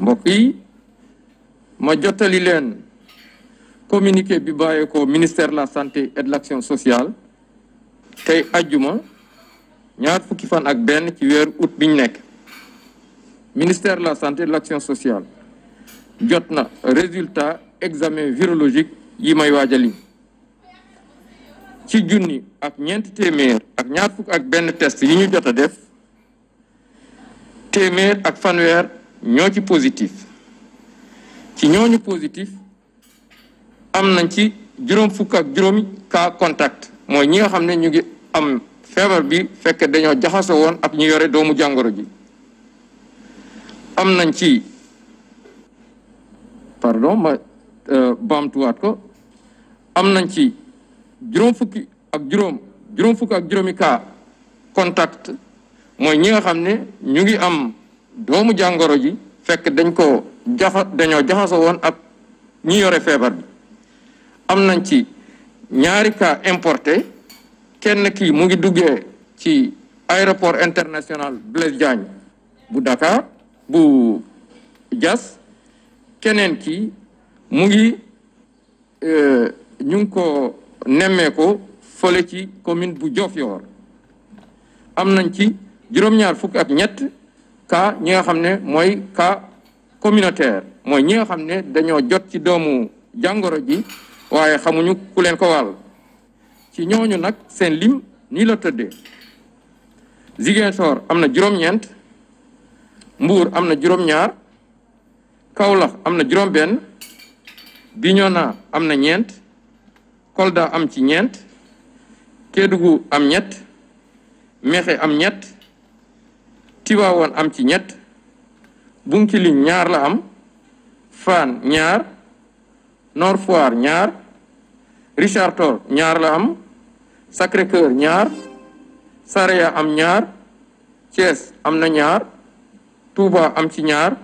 mbokk yi ma jottali leen communiqué bi bàyyee ministère de la santé et de l'action sociale tey ajjuma ñaar fukki fan ak benn ci weeru août biñ nekk ministère la santé et de l'action sociale jot na résultat examen virologique yi may waajali ci junni ak ñeenti téeméer ak ñaar fukk ak benn test yi ñu jot def téeméer ak fanweer ñoo ci positif ci ñooñu positif am nañ ci juróom fukk ak juróomi cas contact mooy ñi nga xam ne ñu ngi am feebar bi fekk dañoo jaxasoo woon ak ñu yore doomu jàngoro ji am nañ ci pardon ma euh, baamtuwaat ko am nañ ci juróom ak juróom juróom ak juróomi contact mooy ñi nga xam ne ñu ngi am doomu jàngoro ji fekk dañ ko jaxa dañoo jaxaso woon ak ñi yore feebar bi am nañ ci ñaari cas importé kenn kii mu ngi duggee ci aéroport international Blaise Diagne bu Dakar bu jas keneen ki mu ngi euh, ñu ngi ko nemmee ko fële ci commune bu Diofior am nañ ci juróom-ñaar fukk ak ñett kaa ñi nga xam ne mooy kaa communautaire mooy ñi nga xam ne dañoo jot ci doomu jàngoro ji waaye xamuñu ku leen ko ci ñooñu nag seen lim nii la tëddee Ziguinchor am na juróom-ñeent Mbuur am na juróom-ñaar Kaolack am na juróom-benn Bignona am na ñeent Kolda am ci ñeent Kédougou am ñett Mékhé am ñett Tiwaawoon am ci ñett Bounkiling ñaar la am Fann ñaar Nord ñaar Richard Toll ñaar la am sacré ñaar Saraya am ñaar Thiès am na ñaar Touba am ci ñaar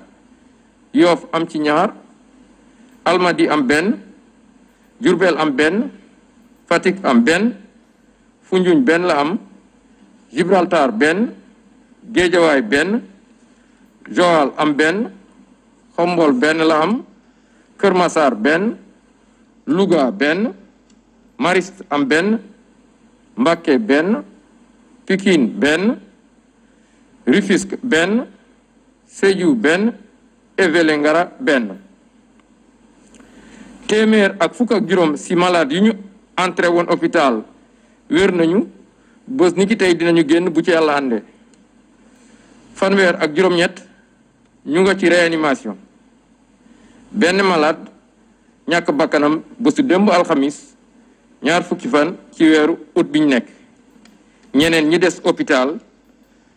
Yoff am ci ñaar Almadi am benn Diourbel am benn fatik am benn Foundiougne benn la am Gibraltar benn géejawaay benn joal am benn xombol benn la am kër masaar benn louga benn mariste am benn mbàkke benn pikine benn rufisque benn sédhiou benn et vélingara benn téeméer ak fukk ak juróom si malade yu entré woon hôpital wér nañu bës ni ki tey dinañu génn bu ci yàlla ànde fanweer ak juróom-ñett ñu nga ci réanimation benn malade ñàkk bakkanam bésu démb alxamis ñaar fukki fan ci weeru ut biñ nekk ñeneen ñi des hôpital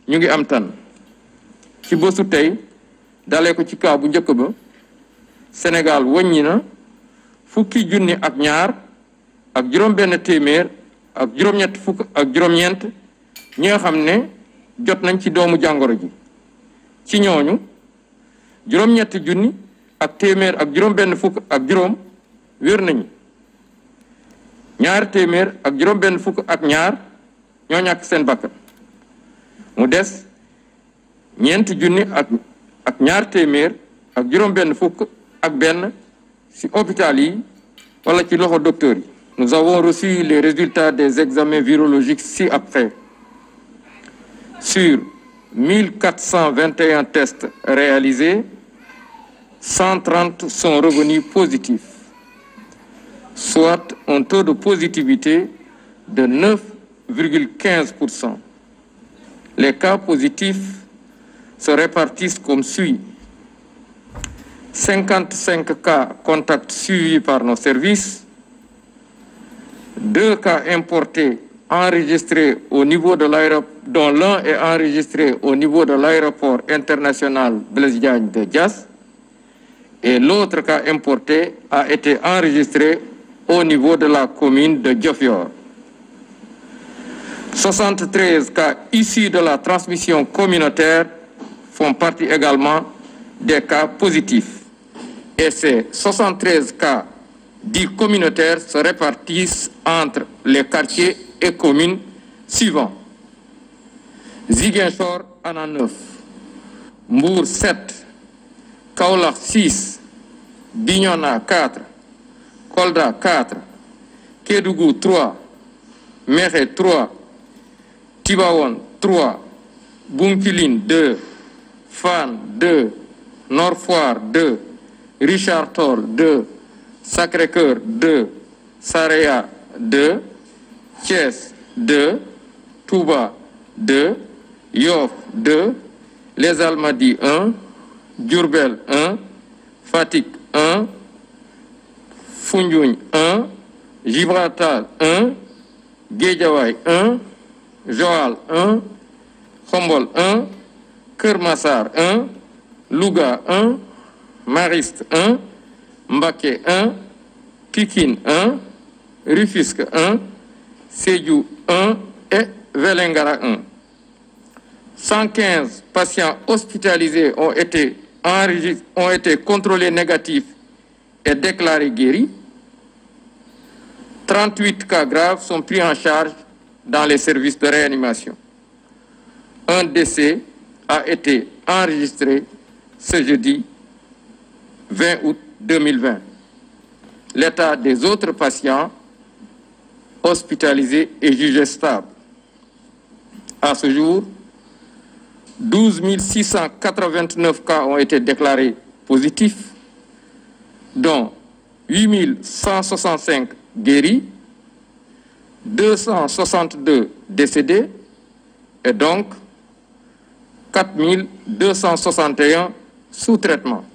ñu ngi am tan ci bësu tey dalee ko ci kaw bu njëkk ba senegal wàññi na fukki junni ak ñaar ak juróom benn téeméer ak juróom-ñett ñi nga xam ne jot nañ ci doomu jàngoro ji ci ñooñu juróom-ñetti junni ak téeméer ak juróom-benn fukk ak juróom wér nañu ñaar téeméer ak juróom-benn fukk ak ñaar ñoo ñàkk seen bakkan mu des ñeenti junni ak ak ñaar téeméer ak juróom-benn fukk ak benn ci hôpital yi wala ci loxo docteur yi nous avons reçu les résultats des examens virologiques ci-après Sur 1421 tests réalisés, 130 sont revenus positifs, soit un taux de positivité de 9,15%. Les cas positifs se répartissent comme suit. 55 cas contacts suivis par nos services, 2 cas importés enregistrés au niveau de l'aéroport, dont l'un est enregistré au niveau de l'aéroport international Blaise Diagne de Diass, et l'autre cas importé a été enregistré au niveau de la commune de Diofior. 73 cas de la transmission communautaire font partie également des cas positifs. Et ces 73 cas dits communautaires se répartissent entre les et communes suivants Ziguinchor ana 9 Mbour 7 Kaolack 6 Bignona 4 Kolda 4 Kédougou 3 Mékhé 3 Tivaouane 3 Bounkiling 2 Fann 2 Nord Foire 2 Richard Toll 2 sacré Thiès 2 Touba 2 Yoff 2 Les Almadies 1 Diourbel 1 Fatick 1 Foundiougne Gibraltar 1 Guédiawaye 1 Joal 1 Khombol 1 Keur Massar 1 Louga 1 Mariste 1 Mbacké 1 Pikine 1 Sédiou 1 et Vélingara 1. 115 patients hospitalisés ont été, ont été contrôlés négatifs et déclarés guéris. 38 cas graves sont pris en charge dans les service de réanimation. Un décès a été enregistré ce jeudi 20 août 2020. L'état des autres patients hospitalisés et jugés stables. À ce jour, 12 689 cas ont été déclarés positifs, dont 8 165 guéris, 262 décédés et donc 4 261 sous traitement.